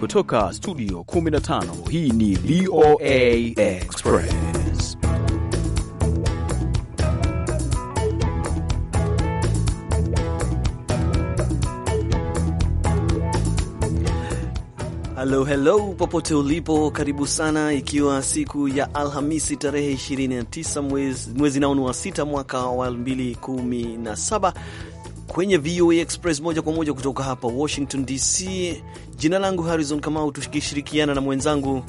Kutoka studio 15 hii ni VOA Express. Halo halo, popote ulipo, karibu sana, ikiwa siku ya Alhamisi tarehe 29 mwezi, mwezi naonu wa sita mwaka wa 2017 kwenye VOA Express moja kwa moja kutoka hapa Washington DC. Jina langu Harrison Kamau, tukishirikiana na mwenzangu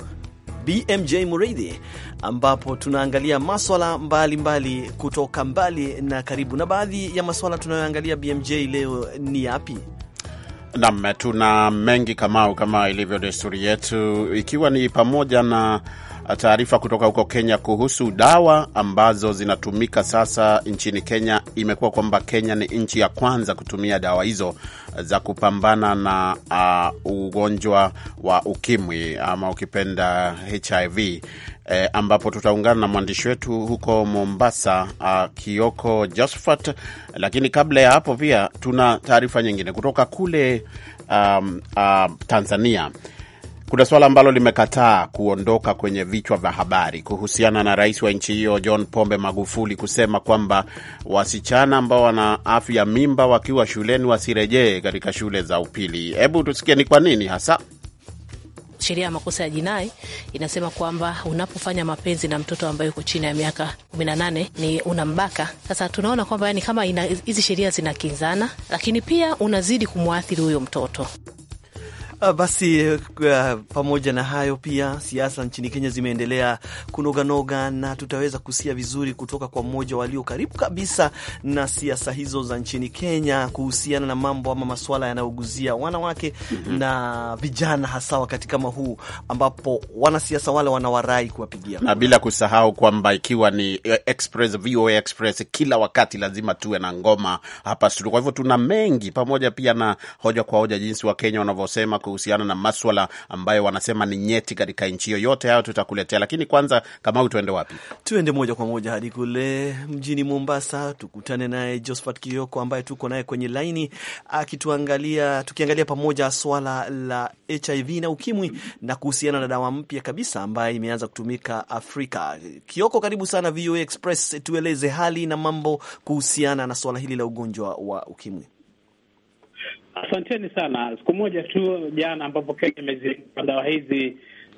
BMJ Muridhi, ambapo tunaangalia maswala mbalimbali mbali, kutoka mbali na karibu. Na baadhi ya maswala tunayoangalia BMJ leo ni yapi? Nam, tuna mengi Kamau, kama ilivyo desturi yetu, ikiwa ni pamoja na Taarifa kutoka huko Kenya kuhusu dawa ambazo zinatumika sasa nchini Kenya imekuwa kwamba Kenya ni nchi ya kwanza kutumia dawa hizo za kupambana na uh, ugonjwa wa ukimwi ama ukipenda HIV eh, ambapo tutaungana na mwandishi wetu huko Mombasa uh, Kioko Josphat. Lakini kabla ya hapo pia tuna taarifa nyingine kutoka kule um, uh, Tanzania kuna suala ambalo limekataa kuondoka kwenye vichwa vya habari kuhusiana na rais wa nchi hiyo John Pombe Magufuli kusema kwamba wasichana ambao wana afya mimba wakiwa shuleni wasirejee katika shule za upili. Hebu tusikie ni kwa nini hasa. Sheria ya makosa ya jinai inasema kwamba unapofanya mapenzi na mtoto ambaye uko chini ya miaka 18 ni unambaka. Sasa tunaona kwamba yani kama hizi sheria zinakinzana, lakini pia unazidi kumwathiri huyo mtoto. Ah, basi uh, pamoja na hayo pia siasa nchini Kenya zimeendelea kunoganoga, na tutaweza kusikia vizuri kutoka kwa mmoja walio karibu kabisa na siasa hizo za nchini Kenya kuhusiana na mambo ama masuala yanayoguzia wanawake mm -hmm. na vijana, hasa wakati kama huu ambapo wanasiasa wale wanawarai kuwapigia, na bila kusahau kwamba ikiwa ni eh, Express, VOA Express, kila wakati lazima tuwe na ngoma hapa studio. Kwa hivyo tuna mengi pamoja pia na hoja kwa hoja, jinsi Wakenya wanavyosema kuhusiana na maswala ambayo wanasema ni nyeti katika nchi hiyo. Yote hayo tutakuletea, lakini kwanza, kama tuende wapi? Tuende moja kwa moja hadi kule mjini Mombasa, tukutane naye Josphat Kioko ambaye tuko naye kwenye laini akituangalia, tukiangalia pamoja swala la HIV na ukimwi na kuhusiana na dawa mpya kabisa ambayo imeanza kutumika Afrika. Kioko, karibu sana VOA Express, tueleze hali na mambo kuhusiana na swala hili la ugonjwa wa ukimwi. Asanteni sana. Siku moja tu jana, ambapo Kenya imezindua dawa hizi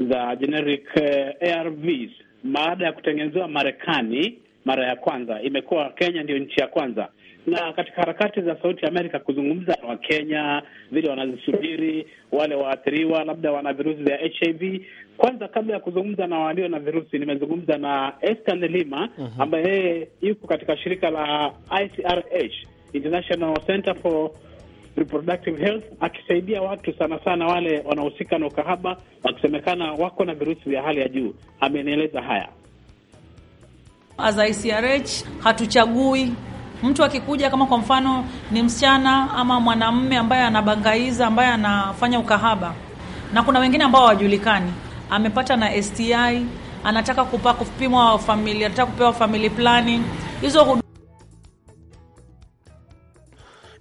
za generic eh, ARVs baada ya kutengenezewa Marekani mara ya kwanza, imekuwa Kenya ndiyo nchi ya kwanza na katika harakati za Sauti ya Amerika kuzungumza na Wakenya vile wanazisubiri wale waathiriwa, labda wana virusi vya HIV. Kwanza, kabla ya kuzungumza na walio na virusi, nimezungumza na Esther Nelima uh mhm. -huh. ambaye yeye yuko katika shirika la ICRH, International Center for reproductive health, akisaidia watu sana sana wale wanaohusika na ukahaba wakisemekana wako na virusi vya hali ya juu. Amenieleza haya. As ICRH hatuchagui mtu akikuja, kama kwa mfano ni msichana ama mwanamume ambaye anabangaiza, ambaye anafanya ukahaba, na kuna wengine ambao hawajulikani, amepata na STI, anataka kupimwa familia, anataka kupewa family planning hizo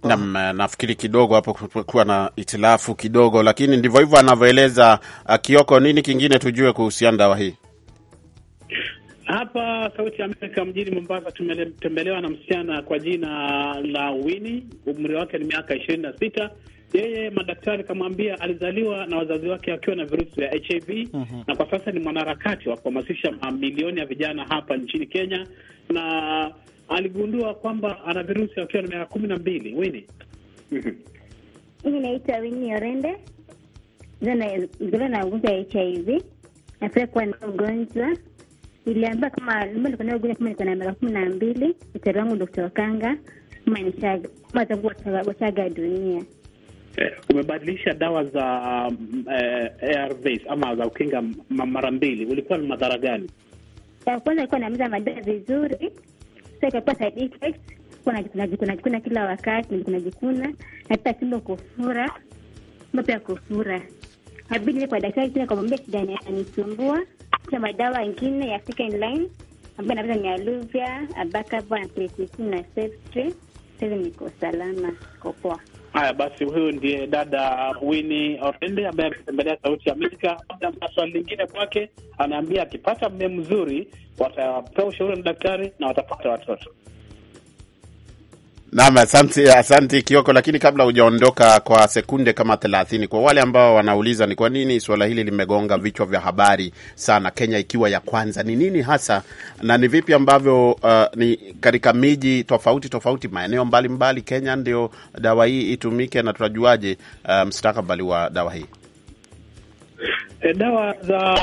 Naam, eh, nafikiri kidogo hapo kuwa na itilafu kidogo, lakini ndivyo hivyo anavyoeleza eh, Kioko. Nini kingine tujue kuhusiana dawa hii? Hapa Sauti ya Amerika mjini Mombasa tumetembelewa na msichana kwa jina la Wini, umri wake ni miaka ishirini na sita. Yeye madaktari kamwambia alizaliwa na wazazi wake akiwa na virusi vya HIV mm -hmm. na kwa sasa ni mwanaharakati wa kuhamasisha mamilioni ya vijana hapa nchini Kenya na aligundua kwamba ana virusi akiwa na miaka kumi na mbili. Wini hii inaitwa Wini Orende, mzaliwa na ugonjwa HIV na kuwa na ugonjwa iliambia kama nilikuwa na ugonjwa kama nilikuwa miaka kumi na mbili, daktari wangu Dokta Wakanga kama nishaga kama washaga dunia. Eh, umebadilisha dawa za um, eh, ARVs ama za ukinga mara mbili, ulikuwa na madhara gani? Ya kwanza ilikuwa nameza madawa vizuri itakuwa side effect, kila wakati, kunajikuna hata tumbo kufura, mape ya kufura, abidi kwa daktari tena kumwambia shida anisumbua, kisha madawa ingine ya second line ambayo naweza ni aluvia abakava na tetisina sasa niko salama, kopoa Haya basi, huyu ndiye dada wini Orende ambaye ametembelea Sauti ya Amerika. Na swali lingine kwake, anaambia akipata mme mzuri watapewa ushauri na daktari na watapata watoto. Naam, asante, asante Kioko. Lakini kabla hujaondoka kwa sekunde kama thelathini, kwa wale ambao wanauliza ni kwa nini suala hili limegonga vichwa vya habari sana, Kenya ikiwa ya kwanza, ni nini hasa na ni vipi ambavyo uh, ni katika miji tofauti tofauti, maeneo mbalimbali mbali, Kenya ndio dawa hii itumike na tunajuaje uh, mstakabali wa dawa hii? E, dawa za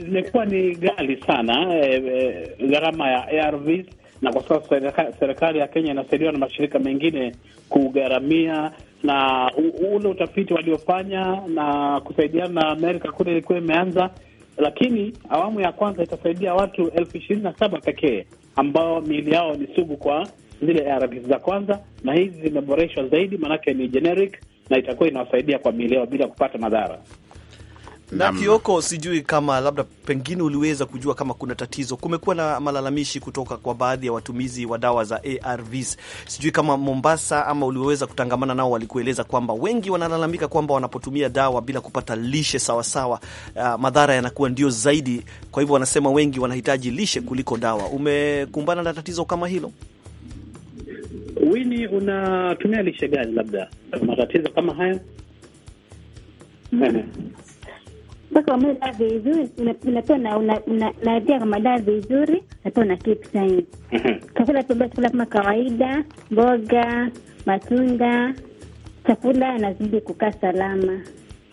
zimekuwa ni ghali sana, e, e, gharama ya ARVs na kwa sasa serikali ya Kenya inasaidiwa na mashirika mengine kugharamia na ule utafiti waliofanya na kusaidiana na Amerika kule ilikuwa imeanza, lakini awamu ya kwanza itasaidia watu elfu ishirini na saba pekee ambao miili yao ni sugu kwa zile ARVs za kwanza, na hizi zimeboreshwa zaidi, maanake ni generic na itakuwa inawasaidia kwa miili yao bila kupata madhara. Na Kioko, sijui kama labda pengine uliweza kujua kama kuna tatizo. Kumekuwa na malalamishi kutoka kwa baadhi ya watumizi wa dawa za ARVs. Sijui kama Mombasa ama uliweza kutangamana nao, walikueleza kwamba wengi wanalalamika kwamba wanapotumia dawa bila kupata lishe sawasawa, uh, madhara yanakuwa ndio zaidi. Kwa hivyo wanasema wengi wanahitaji lishe kuliko dawa. Umekumbana na tatizo kama hilo? Wini, unatumia lishe gani labda matatizo kama haya? mpaka umelala vizuri, unapewa nadia kama dawa vizuri, unapewa na keep time. Mhm. Chakula pembea, chakula kama kawaida, mboga, matunda, chakula anazidi kukaa salama.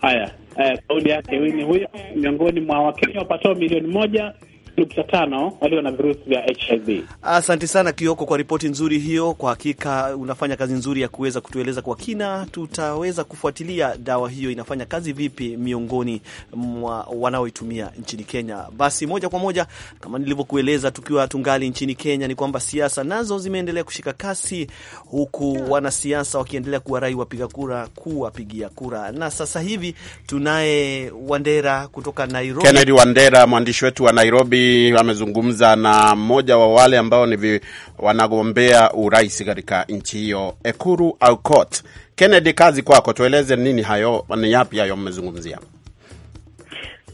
Haya, eh, kauli yake ni huyo, eh. miongoni mwa Wakenya wapatao milioni moja nukta tano walio na virusi vya HIV. Asante sana Kioko kwa ripoti nzuri hiyo. Kwa hakika unafanya kazi nzuri ya kuweza kutueleza kwa kina, tutaweza kufuatilia dawa hiyo inafanya kazi vipi miongoni mwa wanaoitumia nchini Kenya. Basi moja kwa moja, kama nilivyokueleza, tukiwa tungali nchini Kenya, ni kwamba siasa nazo zimeendelea kushika kasi, huku wanasiasa wakiendelea kuwarai wapiga kura kuwapigia kura. Na sasa hivi tunaye Wandera kutoka Nairobi, Kennedy Wandera, mwandishi wetu wa Nairobi wamezungumza amezungumza na mmoja wa wale ambao ni wanagombea urais katika nchi hiyo, Ekuru Aukot. Kennedy, kazi kwako, tueleze nini hayo, ni yapi hayo mmezungumzia?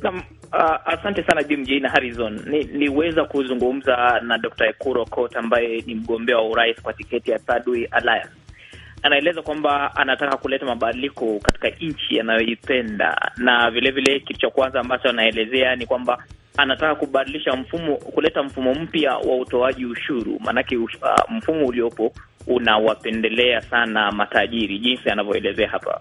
Uh, asante sana BMJ na Harrison. Niliweza ni kuzungumza na Dr. Ekuru Aukot ambaye ni mgombea wa urais kwa tiketi ya Thirdway Alliance. Anaeleza kwamba anataka kuleta mabadiliko katika nchi anayoipenda, na vilevile kitu cha kwanza ambacho anaelezea ni kwamba anataka kubadilisha mfumo, kuleta mfumo mpya wa utoaji ushuru, maanake uh, mfumo uliopo unawapendelea sana matajiri, jinsi anavyoelezea hapa.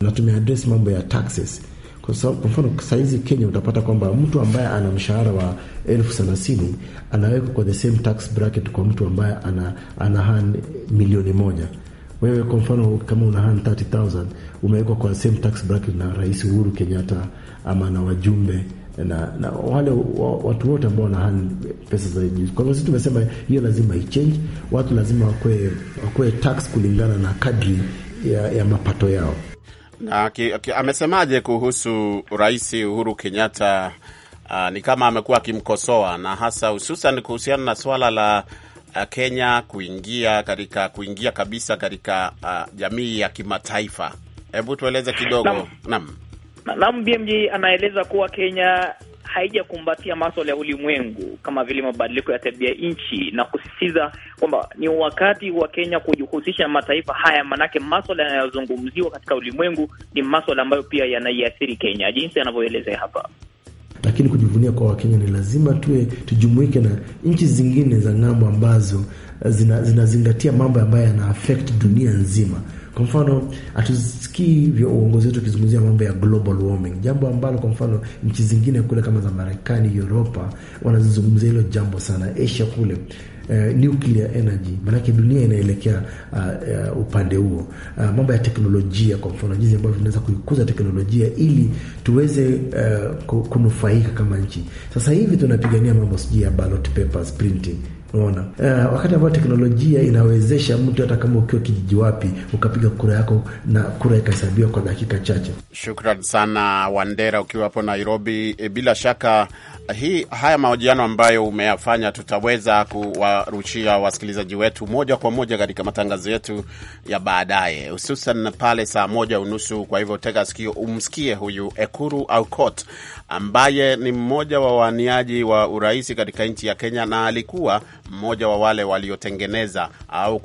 Na tumeadress mambo ya taxes kwa sababu kwa mfano saizi Kenya utapata kwamba mtu ambaye ana mshahara wa elfu thelathini anawekwa kwa the same tax bracket kwa mtu ambaye ana, ana han milioni moja. Wewe kwa mfano kama una han 30000 umewekwa kwa same tax bracket na Rais Uhuru Kenyatta ama na wajumbe na, na wale wa, watu wote ambao wana pesa za juu. Kwa hivyo sisi tumesema hiyo lazima ichange, watu lazima wakwe, wakwe tax kulingana na kadri ya, ya mapato yao. Na amesemaje kuhusu Rais Uhuru Kenyatta? Uh, ni kama amekuwa akimkosoa na hasa hususan kuhusiana na swala la ah, Kenya kuingia katika kuingia kabisa katika uh, jamii ya kimataifa. Hebu tueleze kidogo. Naam. Naam, BMJ anaeleza kuwa Kenya haijakumbatia maswala ya ulimwengu kama vile mabadiliko ya tabia nchi na kusisitiza kwamba ni wakati wa Kenya kujihusisha na mataifa haya, maanake maswala yanayozungumziwa katika ulimwengu ni maswala ambayo pia yanaiathiri Kenya, jinsi anavyoelezea hapa. Lakini kujivunia kwa Wakenya ni lazima tuwe tujumuike na nchi zingine za ng'ambo ambazo zinazingatia zina mambo ambayo yana affect dunia nzima. Kwa mfano hatusikii uongozi wetu ukizungumzia mambo ya global warming, jambo ambalo kwa mfano nchi zingine kule kama za Marekani, uropa wanazungumzia hilo jambo sana, Asia kule Uh, nuclear energy maanake dunia inaelekea uh, uh, upande huo. Uh, mambo ya teknolojia kwa mfano, jinsi ambavyo tunaweza kuikuza teknolojia ili tuweze uh, kunufaika kama nchi. Sasa hivi tunapigania mambo sijui ya ballot papers printing Unaona, uh, wakati ambao teknolojia inawezesha mtu hata kama ukiwa kijiji wapi ukapiga kura yako na kura ikahesabiwa kwa dakika chache. Shukran sana Wandera, ukiwa hapo Nairobi. E, bila shaka hii haya mahojiano ambayo umeyafanya tutaweza kuwarushia wasikilizaji wetu moja kwa moja katika matangazo yetu ya baadaye, hususan pale saa moja unusu. Kwa hivyo tega sikio umsikie huyu Ekuru Aukot ambaye ni mmoja wa waaniaji wa urais katika nchi ya Kenya na alikuwa mmoja wa wale waliotengeneza au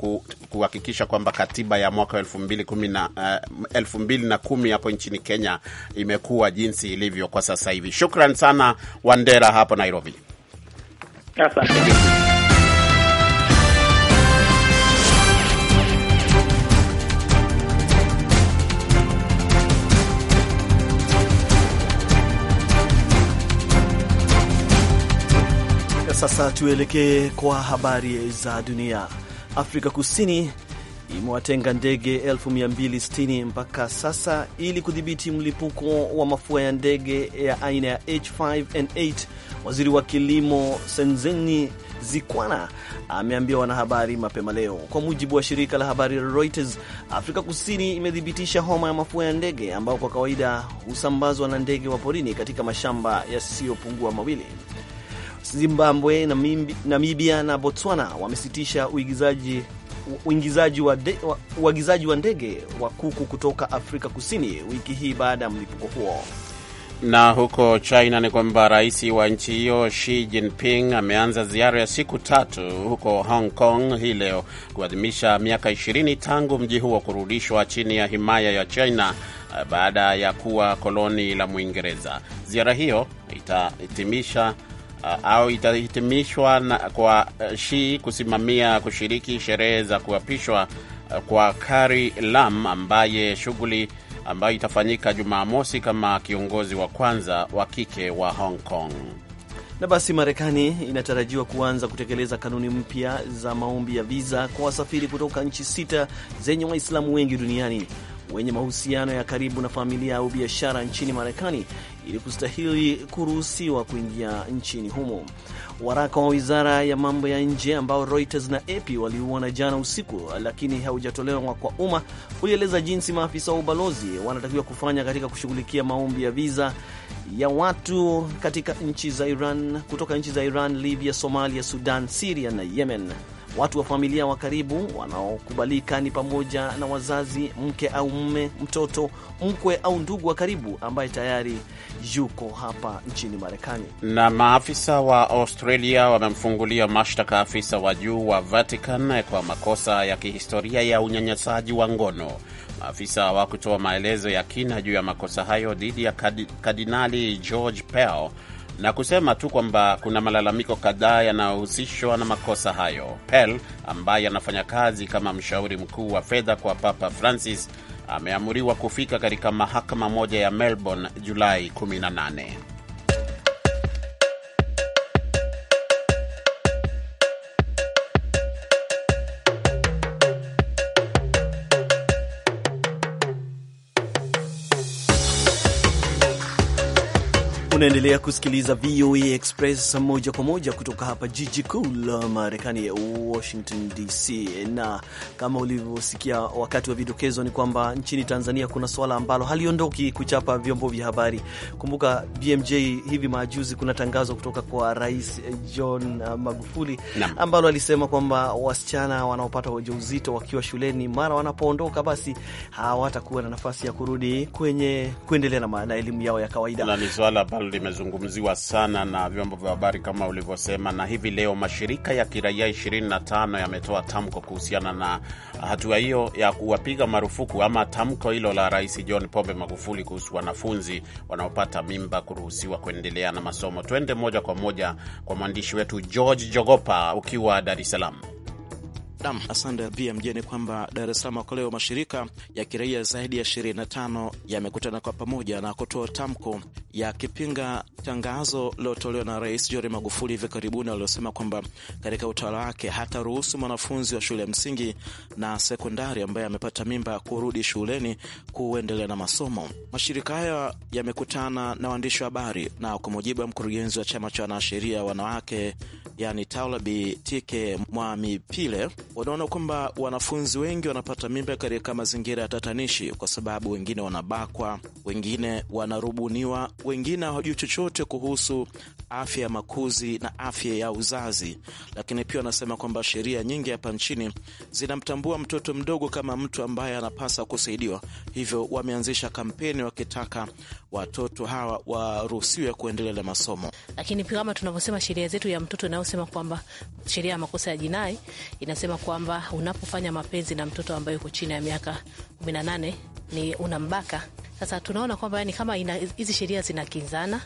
kuhakikisha kwamba katiba ya mwaka elfu mbili kumi na uh, elfu mbili na kumi hapo nchini Kenya imekuwa jinsi ilivyo kwa sasa hivi. Shukran sana wan Wandera hapo Nairobi. Asante. Sasa tuelekee kwa habari za dunia. Afrika Kusini imewatenga ndege 260 mpaka sasa ili kudhibiti mlipuko wa mafua ya ndege ya aina ya H5N8. Waziri wa kilimo Senzeni Zikwana ameambia wanahabari mapema leo. Kwa mujibu wa shirika la habari la Reuters, Afrika Kusini imethibitisha homa ya mafua ya ndege ambayo kwa kawaida husambazwa na ndege wa porini katika mashamba yasiyopungua mawili. Zimbabwe, Namibia na Botswana wamesitisha uigizaji uingizaji wa uagizaji wa ndege wa kuku kutoka Afrika Kusini wiki hii baada ya mlipuko huo. Na huko China ni kwamba rais wa nchi hiyo Xi Jinping ameanza ziara ya siku tatu huko Hong Kong hii leo kuadhimisha miaka 20 tangu mji huo kurudishwa chini ya himaya ya China eh, baada ya kuwa koloni la Mwingereza. Ziara hiyo itahitimisha Uh, au itahitimishwa kwa kwa uh, Shii kusimamia kushiriki sherehe za kuapishwa uh, kwa Kari Lam ambaye shughuli ambayo itafanyika Jumamosi kama kiongozi wa kwanza wa kike wa Hong Kong. Na basi Marekani inatarajiwa kuanza kutekeleza kanuni mpya za maombi ya viza kwa wasafiri kutoka nchi sita zenye Waislamu wengi duniani wenye mahusiano ya karibu na familia au biashara nchini Marekani ili kustahili kuruhusiwa kuingia nchini humo. Waraka wa wizara ya mambo ya nje ambao Reuters na AP waliuona jana usiku, lakini haujatolewa kwa umma, ulieleza jinsi maafisa wa ubalozi wanatakiwa kufanya katika kushughulikia maombi ya viza ya watu katika nchi za Iran, kutoka nchi za Iran, Libya, Somalia, Sudan, Siria na Yemen. Watu wa familia wa karibu wanaokubalika ni pamoja na wazazi, mke au mme, mtoto, mkwe au ndugu wa karibu ambaye tayari yuko hapa nchini Marekani. Na maafisa wa Australia wamemfungulia mashtaka afisa wa juu wa Vatican kwa makosa ya kihistoria ya unyanyasaji wa ngono. Maafisa hawakutoa maelezo ya kina juu ya makosa hayo dhidi ya Kardinali George Pell na kusema tu kwamba kuna malalamiko kadhaa yanayohusishwa na makosa hayo. Pell ambaye anafanya kazi kama mshauri mkuu wa fedha kwa Papa Francis ameamuriwa kufika katika mahakama moja ya Melbourne Julai 18. Unaendelea kusikiliza VOA Express moja kwa moja kutoka hapa jiji kuu la Marekani, Washington DC. Na kama ulivyosikia wakati wa vidokezo, ni kwamba nchini Tanzania kuna swala ambalo haliondoki kuchapa vyombo vya habari. Kumbuka BMJ, hivi majuzi kuna tangazo kutoka kwa Rais John Magufuli ambalo alisema kwamba wasichana wanaopata ujauzito wakiwa shuleni, mara wanapoondoka, basi hawatakuwa na nafasi ya kurudi kwenye kuendelea na elimu yao ya kawaida na, limezungumziwa sana na vyombo vya habari kama ulivyosema, na hivi leo mashirika ya kiraia 25 yametoa tamko kuhusiana na hatua hiyo ya kuwapiga marufuku ama tamko hilo la Rais John Pombe Magufuli kuhusu wanafunzi wanaopata mimba kuruhusiwa kuendelea na masomo. Twende moja kwa moja kwa mwandishi wetu George Jogopa ukiwa Dar es Salaam. Nam, asante BMJ. Ni kwamba Dar es Salaam kwa leo mashirika ya kiraia zaidi ya 25 yamekutana kwa pamoja na kutoa tamko yakipinga tangazo lilotolewa na Rais John Magufuli hivi karibuni aliosema kwamba katika utawala wake hataruhusu mwanafunzi wa shule ya msingi na sekondari ambaye amepata mimba kurudi shuleni kuendelea na masomo. Mashirika hayo yamekutana na waandishi wa habari, na kwa mujibu wa mkurugenzi wa chama cha wanasheria wanawake yani Taulabi Tike Mwamipile, wanaona kwamba wanafunzi wengi wanapata mimba katika mazingira ya tatanishi, kwa sababu wengine wanabakwa, wengine wanarubuniwa wengine hawajui chochote kuhusu afya ya makuzi na afya ya uzazi. Lakini pia wanasema kwamba sheria nyingi hapa nchini zinamtambua mtoto mdogo kama mtu ambaye anapasa kusaidiwa, hivyo wameanzisha kampeni wakitaka watoto hawa waruhusiwe kuendelea na masomo. Lakini pia kama tunavyosema, sheria zetu ya mtoto inayosema kwamba sheria ya makosa ya jinai inasema kwamba unapofanya mapenzi na mtoto ambaye yuko chini ya miaka 18 ni unambaka. Sasa tunaona kwamba ni kama hizi sheria zinakinzana,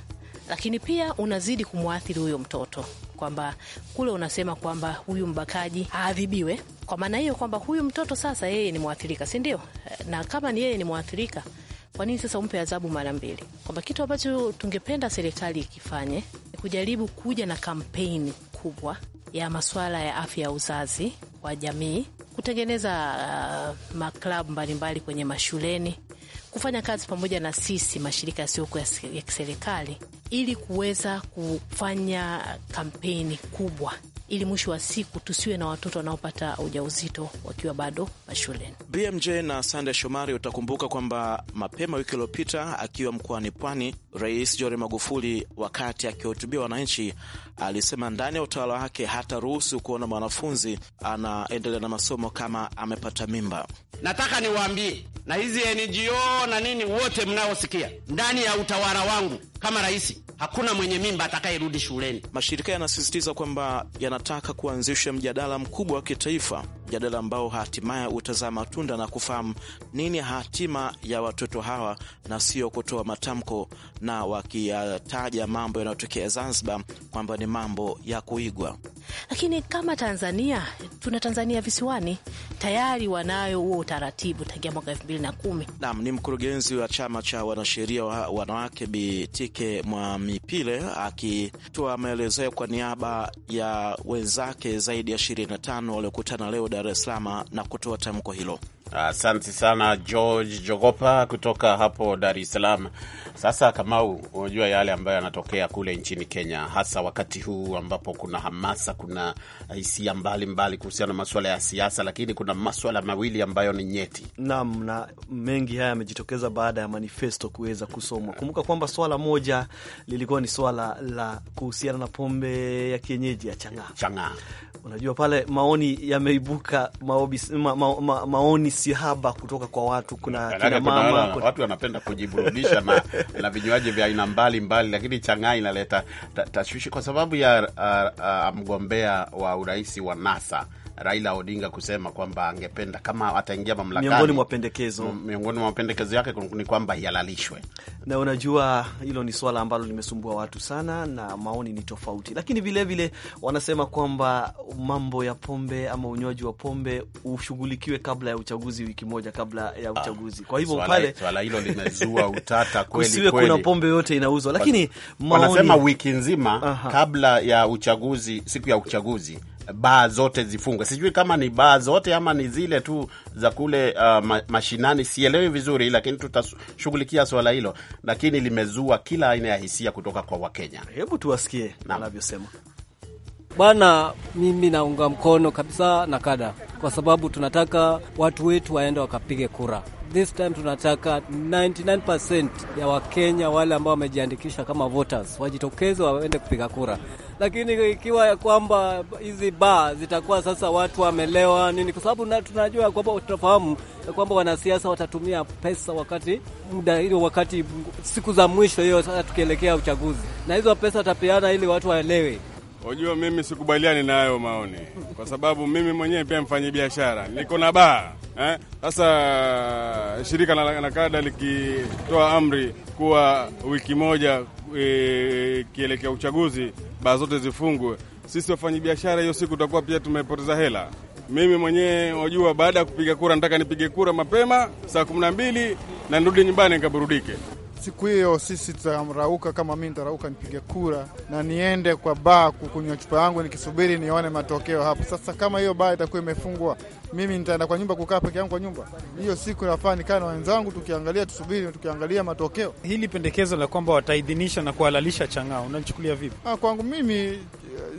lakini pia unazidi kumwathiri huyo mtoto kwamba kule unasema kwamba huyu mbakaji aadhibiwe, kwa maana hiyo kwamba huyu mtoto sasa yeye ni mwathirika, si ndio? Na kama ni yeye ni mwathirika, kwa nini sasa umpe adhabu mara mbili? Kwamba kitu ambacho tungependa serikali ikifanye ni kujaribu kuja na kampeni kubwa ya maswala ya afya ya uzazi kwa jamii kutengeneza uh, maklabu mbalimbali kwenye mashuleni, kufanya kazi pamoja na sisi mashirika yasiyoku ya kiserikali ili kuweza kufanya kampeni kubwa, ili mwisho wa siku tusiwe na watoto wanaopata ujauzito wakiwa bado mashuleni. BMJ na Sande Shomari, utakumbuka kwamba mapema wiki iliyopita akiwa mkoani Pwani, Rais John Magufuli wakati akihutubia wananchi alisema ndani ya utawala wake hataruhusu kuona mwanafunzi anaendelea na masomo kama amepata mimba. Nataka niwaambie na hizi NGO na nini, wote mnaosikia, ndani ya utawala wangu kama rais hakuna mwenye mimba atakayerudi shuleni. Mashirika yanasisitiza kwamba yanataka kuanzisha mjadala mkubwa wa kitaifa mjadala ambao hatimaye utazaa matunda na kufahamu nini hatima ya watoto hawa na sio kutoa matamko na wakiyataja mambo yanayotokea Zanzibar kwamba ni mambo ya kuigwa. Lakini kama Tanzania, tuna Tanzania visiwani tayari wanayo huo utaratibu tangia mwaka elfu mbili na kumi. Naam, ni mkurugenzi wa chama cha wanasheria wa wanawake Bitike mwa mipile akitoa maelezo kwa niaba ya wenzake zaidi ya tano waliokutana leo Dar es Salaam na kutoa tamko hilo. Asante uh, sana George Jogopa kutoka hapo Dar es Salaam. Sasa Kamau, unajua yale ambayo yanatokea kule nchini Kenya, hasa wakati huu ambapo kuna hamasa, kuna hisia mbalimbali kuhusiana na maswala ya siasa, lakini kuna maswala mawili ambayo ni nyeti. Naam, na mengi haya yamejitokeza baada ya manifesto kuweza kusomwa. Kumbuka kwamba swala moja lilikuwa ni swala la kuhusiana na pombe ya kienyeji ya chang'aa changa. Unajua pale maoni yameibuka maoni sihaba kutoka kwa watu, kuna kina mama, kuna... watu wanapenda kujiburudisha na, na vinywaji vya aina mbalimbali, lakini chang'aa inaleta tashwishi ta, kwa sababu ya uh, uh, mgombea wa urais wa NASA Raila Odinga kusema kwamba angependa kama ataingia mamlakani, miongoni mwa pendekezo miongoni mwa mapendekezo yake ni kwamba ihalalishwe. Na unajua hilo ni swala ambalo limesumbua watu sana, na maoni ni tofauti, lakini vilevile wanasema kwamba mambo ya pombe ama unywaji wa pombe ushughulikiwe kabla ya uchaguzi, wiki moja kabla ya ah, uchaguzi. Kwa hivyo pale swala hilo limezua utata kweli kweli, kuna pombe yote inauzwa, lakini maoni wanasema wiki nzima kabla ya uchaguzi, siku ya uchaguzi baa zote zifungwe. Sijui kama ni baa zote ama ni zile tu za kule uh, mashinani, sielewi vizuri, lakini tutashughulikia swala hilo, lakini limezua kila aina ya hisia kutoka kwa Wakenya. Hebu tuwasikie anavyosema. Bwana, mimi naunga mkono kabisa na kada, kwa sababu tunataka watu wetu waende wakapige kura. This time tunataka 99% ya Wakenya wale ambao wamejiandikisha kama voters wajitokeze waende kupiga kura, lakini ikiwa ya kwamba hizi ba zitakuwa sasa watu wamelewa nini, kwa sababu tunajua kwamba tunafahamu ya kwamba wanasiasa watatumia pesa wakati muda hiyo, wakati siku za mwisho hiyo, sasa tukielekea uchaguzi, na hizo pesa watapeana ili watu waelewe Unajua, mimi sikubaliani na hayo maoni, kwa sababu mimi mwenyewe pia mfanyi biashara, niko na baa eh? sasa eh? Shirika la nakada likitoa amri kuwa wiki moja e, kielekea uchaguzi baa zote zifungwe, sisi biashara hiyo siku tutakuwa pia tumepoteza hela. Mimi mwenyewe wajua, baada ya kupiga kura nataka nipige kura mapema saa kumi na mbili na nirudi nyumbani nikaburudike siku hiyo sisi tutamrauka, kama mi nitarauka nipige kura na niende kwa baa kukunywa chupa yangu nikisubiri nione matokeo hapo. Sasa kama hiyo baa itakuwa imefungwa, mimi nitaenda kwa nyumba kukaa peke yangu kwa nyumba hiyo siku. Nafaa nikaa na wenzangu, tukiangalia tusubiri, tukiangalia matokeo. Hili pendekezo la kwamba wataidhinisha na kuhalalisha chang'aa unalichukulia vipi? Ah, kwangu mimi eh,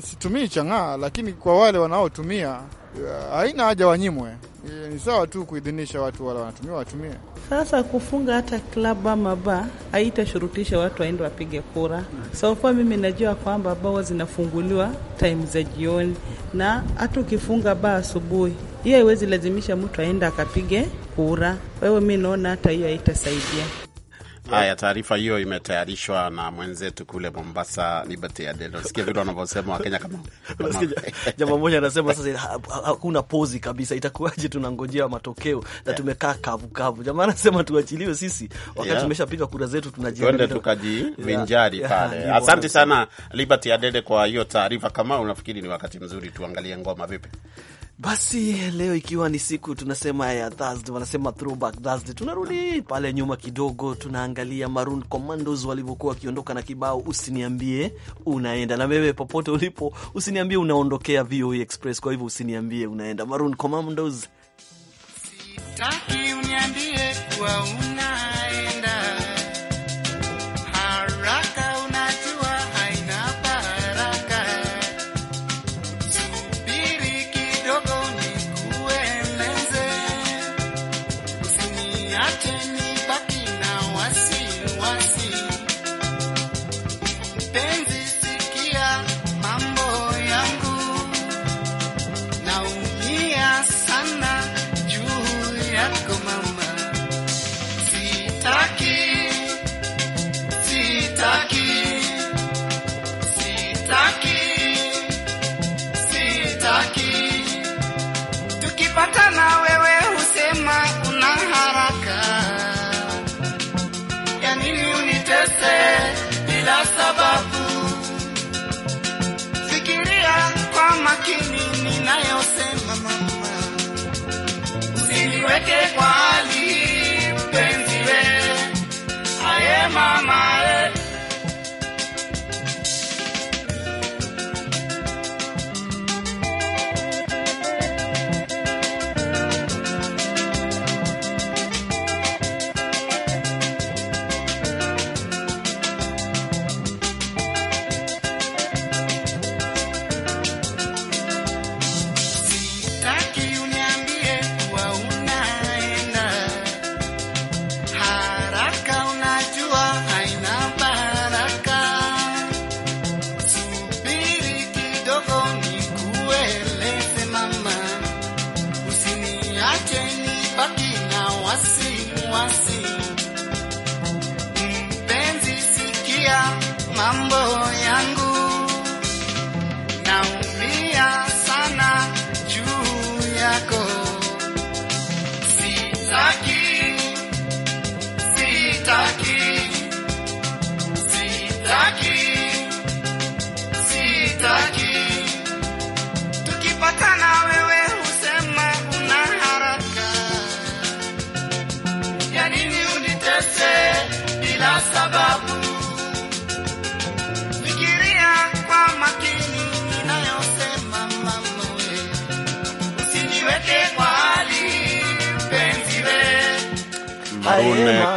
situmii chang'aa, lakini kwa wale wanaotumia eh, haina haja wanyimwe. Eh, ni sawa tu kuidhinisha watu wala wanatumia watumie. Sasa kufunga hata klabu ama ba haitashurutisha watu waende wapige kura. Sofa mimi najua kwamba bao zinafunguliwa time za jioni, na hata ukifunga baa asubuhi, hiyo haiwezi lazimisha mtu aende akapige kura. Wewe, mi naona hata hiyo haitasaidia. Haya, taarifa hiyo imetayarishwa na mwenzetu kule Mombasa, Liberty Adel. Sikia vile wanavyosema Wakenya kama jambo moja, anasema sasa hakuna pozi kabisa, itakuwaje? Tunangojea matokeo na tumekaa kavukavu. Jamaa anasema tuachiliwe sisi, wakati tumeshapiga kura zetu, tunajiende tukajivinjari pale. Asante sana Liberty Adede kwa hiyo taarifa. Kama unafikiri ni wakati mzuri tuangalie ngoma vipi? Basi leo ikiwa ni siku tunasema ya Thursday, wanasema throwback Thursday, tunarudi pale nyuma kidogo, tunaangalia Maroon Commandos walivyokuwa wakiondoka na kibao usiniambie unaenda. Na wewe popote ulipo, usiniambie unaondokea VOA e Express, kwa hivyo usiniambie unaenda. Maroon Commandos, sitaki uniambie kwa una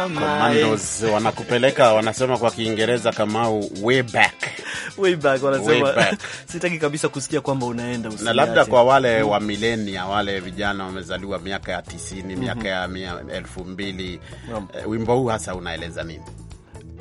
Commandos wanakupeleka wanasema kwa Kiingereza kama way back. Way back wanasema. Sitaki kabisa kusikia kwamba unaenda usiache. Na labda kwa wale mm. wa milenia wale vijana wamezaliwa miaka ya 90, miaka mhm. ya 2000. Eh, wimbo huu hasa unaeleza nini?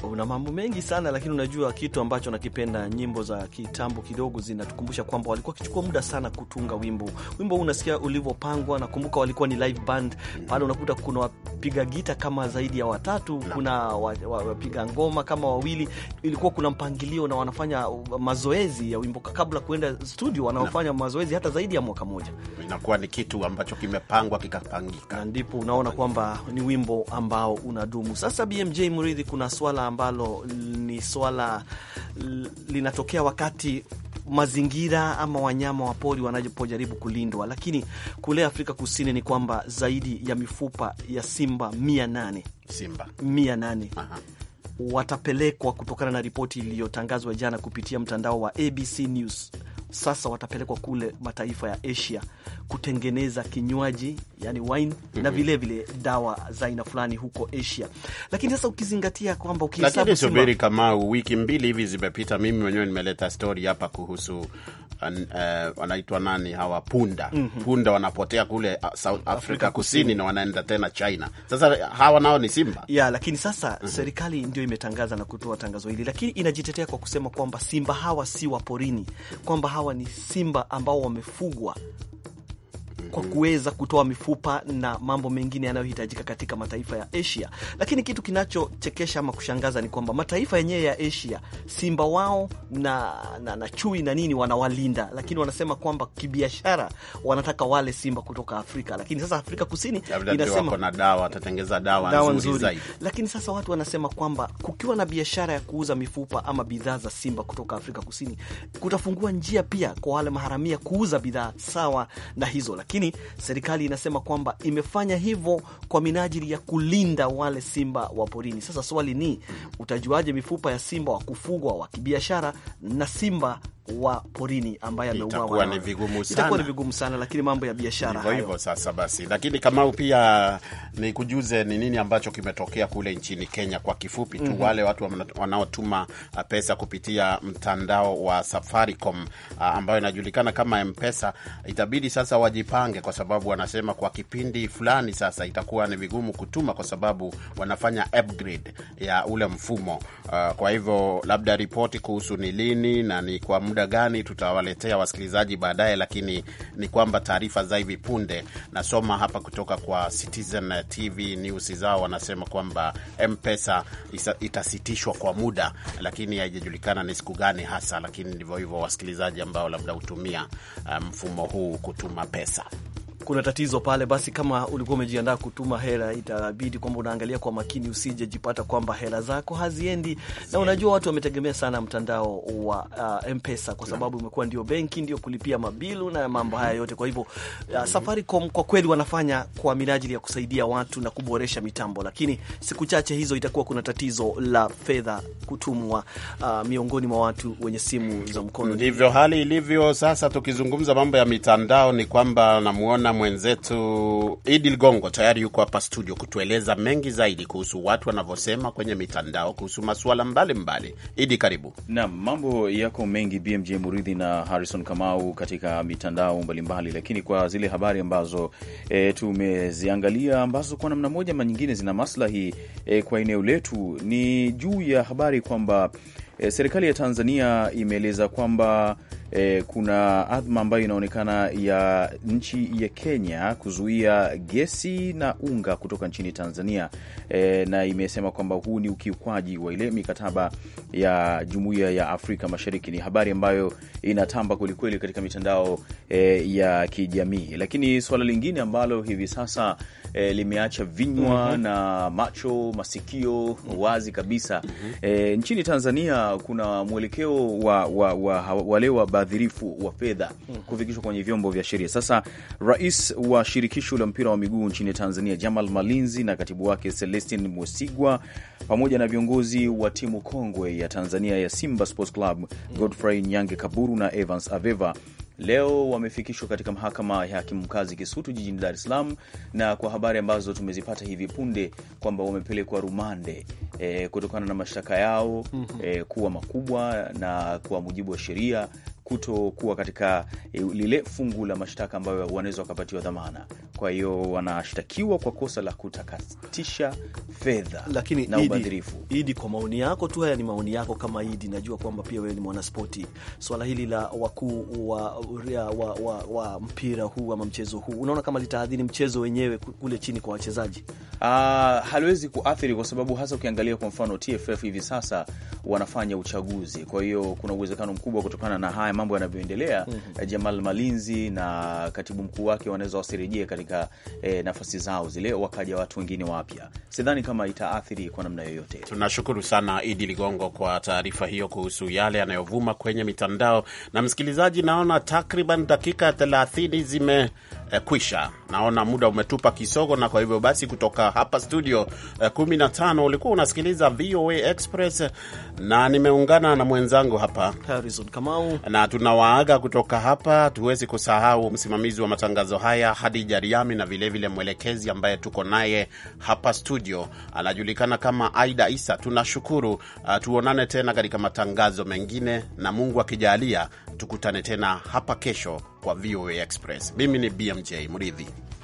una mambo mengi sana lakini unajua kitu ambacho nakipenda, nyimbo za kitambo kidogo zinatukumbusha kwamba walikuwa wakichukua muda sana kutunga wimbo. Wimbo unasikia ulivyopangwa, nakumbuka walikuwa ni live band pale, unakuta kuna wapiga gita kama zaidi ya watatu, kuna wapiga ngoma kama wawili, ilikuwa kuna mpangilio na wanafanya mazoezi ya wimbo kabla kuenda studio, wanaofanya mazoezi hata zaidi ya mwaka moja inakuwa ni kitu ambacho kimepangwa kikapangika, na ndipo unaona kwamba ni wimbo ambao unadumu. Sasa BMJ Mridhi, kuna swala ambalo ni swala linatokea wakati mazingira ama wanyama wa pori wanapojaribu kulindwa, lakini kule Afrika Kusini ni kwamba zaidi ya mifupa ya simba mia nane simba mia nane watapelekwa kutokana na ripoti iliyotangazwa jana kupitia mtandao wa ABC News. Sasa watapelekwa kule mataifa ya Asia kutengeneza kinywaji yani wine mm -hmm. na vilevile mhm. vile dawa za aina fulani huko Asia, lakini sasa ukizingatia kwamba ukihesabu subiri, kama wiki mbili hivi zimepita, mimi mwenyewe nimeleta stori hapa kuhusu an, uh, wanaitwa nani hawa punda mm -hmm. Punda wanapotea kule uh, South Africa, Afrika Kusini, kusini na wanaenda tena China. Sasa hawa nao ni simba ya, lakini sasa mm -hmm. serikali ndio imetangaza na kutoa tangazo hili, lakini inajitetea kwa kusema kwamba simba hawa si wa porini, kwamba hawa ni simba ambao wamefugwa kwa kuweza kutoa mifupa na mambo mengine yanayohitajika katika mataifa ya Asia. Lakini kitu kinachochekesha ama kushangaza ni kwamba mataifa yenyewe ya Asia simba wao na, na, na chui na nini wanawalinda, lakini wanasema kwamba kibiashara wanataka wale simba kutoka Afrika. Lakini sasa Afrika Kusini inasema na dawa, dawa, dawa nzuri zaidi. Lakini sasa watu wanasema kwamba kukiwa na biashara ya kuuza mifupa ama bidhaa za simba kutoka Afrika Kusini kutafungua njia pia kwa wale maharamia kuuza bidhaa sawa na hizo lakini lakini serikali inasema kwamba imefanya hivyo kwa minajili ya kulinda wale simba wa porini. Sasa swali ni utajuaje mifupa ya simba wa kufugwa wa kibiashara na simba wa porini ambaye ameuawa. ni vigumu sana, itakuwa ni vigumu sana, lakini mambo ya biashara hivyo hivyo. Sasa basi, lakini Kamau, pia nikujuze ni nini ambacho kimetokea kule nchini Kenya kwa kifupi tu. mm -hmm. Wale watu wanaotuma uh, pesa kupitia mtandao wa Safaricom uh, ambayo inajulikana kama Mpesa itabidi sasa wajipange, kwa sababu wanasema kwa kipindi fulani sasa itakuwa ni vigumu kutuma, kwa sababu wanafanya upgrade ya ule mfumo. Uh, kwa hivyo labda ripoti kuhusu ni lini na ni kwa muda gani tutawaletea wasikilizaji baadaye, lakini ni kwamba taarifa za hivi punde nasoma hapa kutoka kwa Citizen TV News zao, wanasema kwamba mpesa itasitishwa kwa muda, lakini haijajulikana ni siku gani hasa, lakini ndivyo hivyo wasikilizaji ambao labda hutumia uh, mfumo um, huu kutuma pesa kuna tatizo pale, basi kama ulikuwa umejiandaa kutuma hela, itabidi kwamba unaangalia kwa makini, usijejipata kwamba hela zako haziendi. Na unajua watu wametegemea sana mtandao wa uh, Mpesa kwa sababu imekuwa ndio benki, ndio kulipia mabilu na mambo haya yote. Kwa hivyo uh, Safaricom kwa kweli wanafanya kwa minajili ya kusaidia watu na kuboresha mitambo, lakini siku chache hizo itakuwa kuna tatizo la fedha kutumwa uh, miongoni mwa watu wenye simu za mkono. Ndivyo hali ilivyo sasa. Tukizungumza mambo ya mitandao, ni kwamba namuona mwenzetu Idi Ligongo tayari yuko hapa studio kutueleza mengi zaidi kuhusu watu wanavyosema kwenye mitandao kuhusu masuala mbalimbali. Idi, karibu. Naam, mambo yako mengi BMJ Muridhi na Harrison Kamau katika mitandao mbalimbali mbali, lakini kwa zile habari ambazo e, tumeziangalia ambazo kwa namna moja ama nyingine zina maslahi e, kwa eneo letu ni juu ya habari kwamba e, serikali ya Tanzania imeeleza kwamba eh, kuna adhma ambayo inaonekana ya nchi ya Kenya kuzuia gesi na unga kutoka nchini Tanzania eh, na imesema kwamba huu ni ukiukwaji wa ile mikataba ya Jumuiya ya Afrika Mashariki. Ni habari ambayo inatamba kwelikweli katika mitandao eh, ya kijamii, lakini suala lingine ambalo hivi sasa E, limeacha vinywa mm -hmm. na macho masikio mhm. wazi kabisa mm -hmm. E, nchini Tanzania kuna mwelekeo wa, wa, wa, wa, wa ubadhirifu wa fedha kufikishwa kwenye vyombo vya sheria. Sasa rais wa shirikisho la mpira wa miguu nchini Tanzania Jamal Malinzi na katibu wake Celestin Mwesigwa pamoja na viongozi wa timu kongwe ya Tanzania ya Simba Sports Club Godfrey Nyange Kaburu na Evans Aveva leo wamefikishwa katika mahakama ya hakimu mkazi Kisutu jijini Dar es Salaam, na kwa habari ambazo tumezipata hivi punde kwamba wamepelekwa rumande e, kutokana na mashtaka yao e, kuwa makubwa na kwa mujibu wa sheria kutokuwa katika e, lile fungu la mashtaka ambayo wanaweza wakapatiwa dhamana. Kwa hiyo wanashtakiwa kwa kosa la kutakatisha fedha na ubadhirifu. Idi, kwa maoni yako tu, haya ni maoni yako kama Idi, najua kwamba pia wewe ni mwanaspoti. Swala hili la wakuu wa, wa, wa, wa, wa mpira huu ama mchezo huu, unaona kama litaadhiri mchezo wenyewe kule chini kwa wachezaji? Uh, haliwezi kuathiri kwa sababu hasa ukiangalia kwa mfano TFF hivi sasa wanafanya uchaguzi, kwa hiyo kuna uwezekano mkubwa kutokana na haya mambo yanavyoendelea mm -hmm. Jamal Malinzi na katibu mkuu wake wanaweza wasirejee katika e, nafasi zao zile, wakaja watu wengine wapya. Sidhani kama itaathiri kwa namna yoyote. Tunashukuru sana Idi Ligongo kwa taarifa hiyo kuhusu yale yanayovuma kwenye mitandao. Na msikilizaji, naona takriban dakika thelathini zime E, kwisha naona muda umetupa kisogo, na kwa hivyo basi kutoka hapa studio e, eh, 15 ulikuwa unasikiliza VOA Express na nimeungana na mwenzangu hapa Harrison Kamau na tunawaaga kutoka hapa. Tuwezi kusahau msimamizi wa matangazo haya Hadija Riami na vilevile mwelekezi ambaye tuko naye hapa studio, anajulikana kama Aida Isa. Tunashukuru. Uh, tuonane tena katika matangazo mengine, na Mungu akijalia tukutane tena hapa kesho kwa VOA Express. Mimi ni BMJ Mridhi.